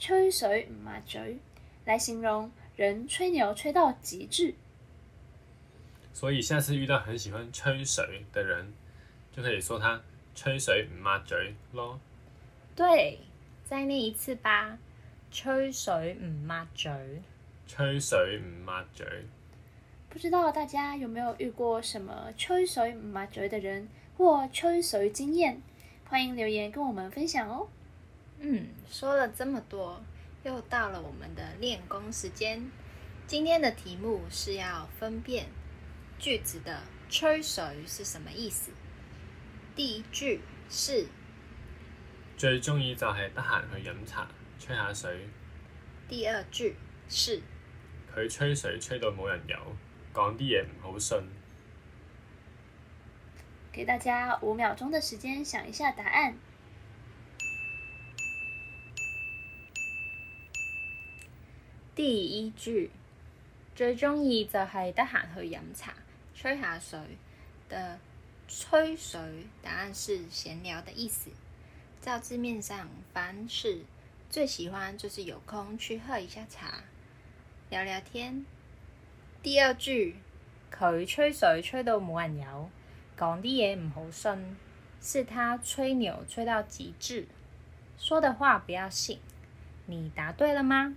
吹水唔抹嘴，來形容人吹牛吹到極致。所以，下次遇到很喜歡吹水的人，就可以說他吹水唔抹嘴咯。對，再念一次吧。吹水唔抹嘴，吹水唔抹嘴。不知道大家有沒有遇過什麼吹水唔抹嘴的人或吹水經驗？歡迎留言跟我們分享哦。嗯，說了這麼多，又到了我們的練功時間。今天的題目是要分辨句子的吹水是什麼意思。第一句是：最鍾意就係得閒去飲茶，吹下水。第二句是：佢吹水吹到冇人有，講啲嘢唔好信。給大家五秒鐘的時間想一下答案。第一句最中意就係得閒去飲茶，吹下水的吹水答案是閒聊的意思。照字面上，凡是最喜歡就是有空去喝一下茶，聊聊天。第二句佢吹水吹到冇人有，講啲嘢唔好信，是他吹牛吹到極致，說的話不要信。你答對了嗎？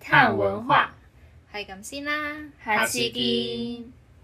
嘆文化係咁先啦，下次見。